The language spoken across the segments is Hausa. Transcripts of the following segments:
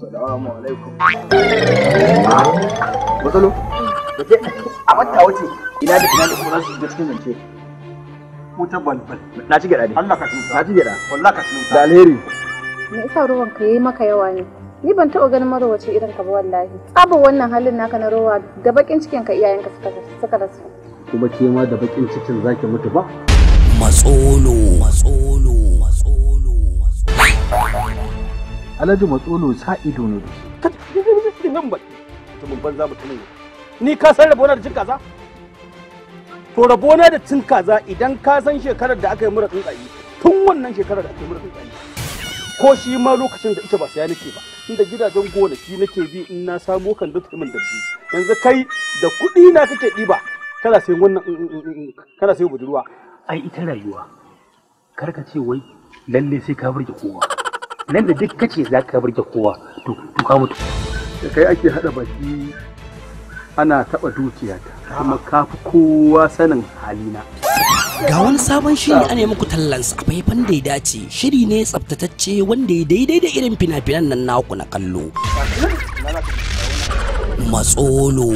Salamu alaikum. Matsalo, a mata wace ina da tunanin da kuma su shiga cikin zance. Wuta balbal. Na ci gyaɗa ne. Allah ka tuta. Na ci gyaɗa. Wallah ka tuta. Da alheri. Me isa ruwan ka yi maka yawa ne? Ni ban taɓa ganin mara marowace irin ka ba wallahi. Tsaba wannan halin naka na rowa da bakin cikin ka iyayenka suka rasu. Kuma ke ma da bakin cikin zaki mutu ba? Matsolo. Matsolo. alhaji matsolo sa ido ne da shi nan ba banza mutumin ni ka san rabona da cin kaza to rabona da cin kaza idan ka san shekarar da aka yi mura tsuntsaye tun wannan shekarar da aka yi mura tsuntsaye ko shi ma lokacin da ita ba saya nake ba inda gidajen gonaki nake bi in na samo kan duk min dabbi yanzu kai da kuɗi na kake ɗiba kana sai wannan mm, mm, mm, kana sai budurwa ai ita rayuwa karka ce wai lalle sai ka burge kowa nan da duk kace za ka burge kowa to to ka mutu kai ake hada baki ana taba ta kuma ka fi kowa sanin halina ga wani sabon shiri ana muku tallansa a faifan da ya dace shiri ne tsaftatacce wanda ya daidai da irin fina-finan nan naku na kallo matsolo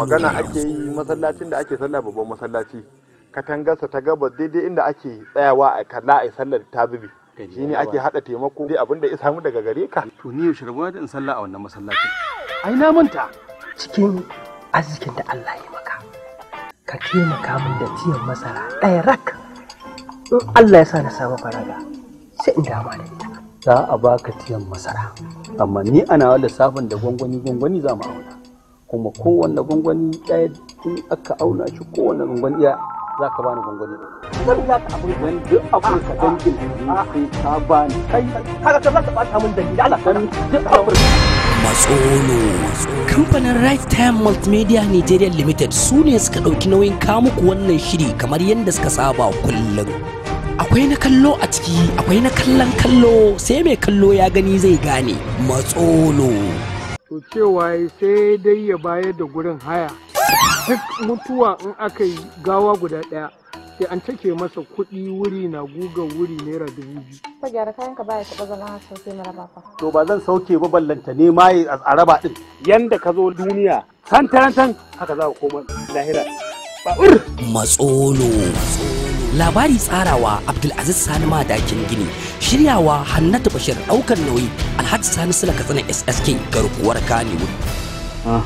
magana ake yi masallacin da ake sallah babban masallaci katangarsa ta gabas daidai inda ake tsayawa a kalla a sallar tabibi shi ne ake haɗa taimako dai abinda ya samu daga gare ka to ni yaushe rabuwa da in sallah a wannan masallacin ai na manta cikin arzikin da Allah ya maka ka taimaka min da tiyan masara ɗaya rak in Allah ya sa na samu faraga sai in dama da ita za a baka tiyan masara amma ni ana lissafin da gwangwani gwangwani za mu auna kuma kowanne gwangwani ɗaya in aka auna shi kowanne gwangwani ya za ka bani gwangwani zan ka abin wani duk bani kai kaga ka Matsolo Kamfanin Right Time Multimedia Nigeria Limited su ne suka ɗauki nauyin kamuku wannan shiri kamar yadda suka saba kullum. Akwai na kallo a ciki, akwai na kallon kallo sai mai kallo ya gani zai gane. Matsolo. To cewa sai dai ya bayar da gurin haya. duk mutuwa in aka yi gawa guda ɗaya sai an take masa kuɗi wuri na guga wuri naira dubu biyu. Ta gyara kayan ka baya taɓa zama sauke mara ba fa. To ba zan sauke ba ballanta ne ma a raba ɗin. Yanda ka zo duniya san san haka za ka koma lahira. Ba'ur. Matsolo. Labari tsarawa Abdulaziz Sani Madakin Gini, shiryawa Hannatu Bashir ɗaukar nauyi Alhaji Sani Sula Katsina SSK garkuwar Kanewood. Ah.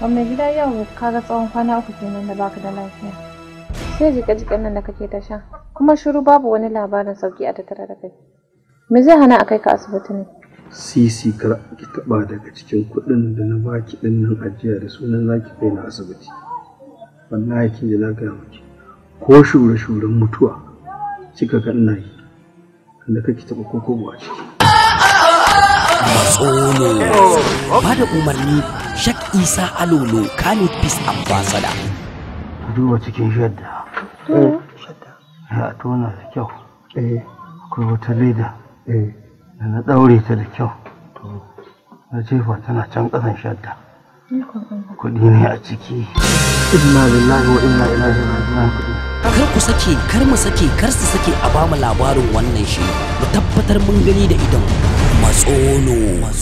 Ba mai gida yau kaga tsawon kwana uku kenan da baka da lafiya. Sai jika-jikan nan da kake ta sha, kuma shiru babu wani labarin sauki a tattara da kai. Me zai hana a kai ka asibiti ne? Sisi kar ki taba daga cikin kuɗin da na baki din nan ajiya da sunan zaki kai na asibiti. Wallahi kin ji na gaya miki. Ko shure-shuren mutuwa kika ga ina yi. da kake taba ko a ciki. tsono oh, ba da umarni shak isa alolo khalid peace ambasada ku duba cikin hmm. eh, shadda ya tona da kyau eh. akwai wata leda eh. da na daure ta da kyau na jefa tana can kasan shadda kuɗi ne a ciki inna lillahi wa inna ilaihi raji'un kar ku sake kar mu sake kar su sake a bamu labarin wannan shi mu tabbatar mun gani da idan matsolo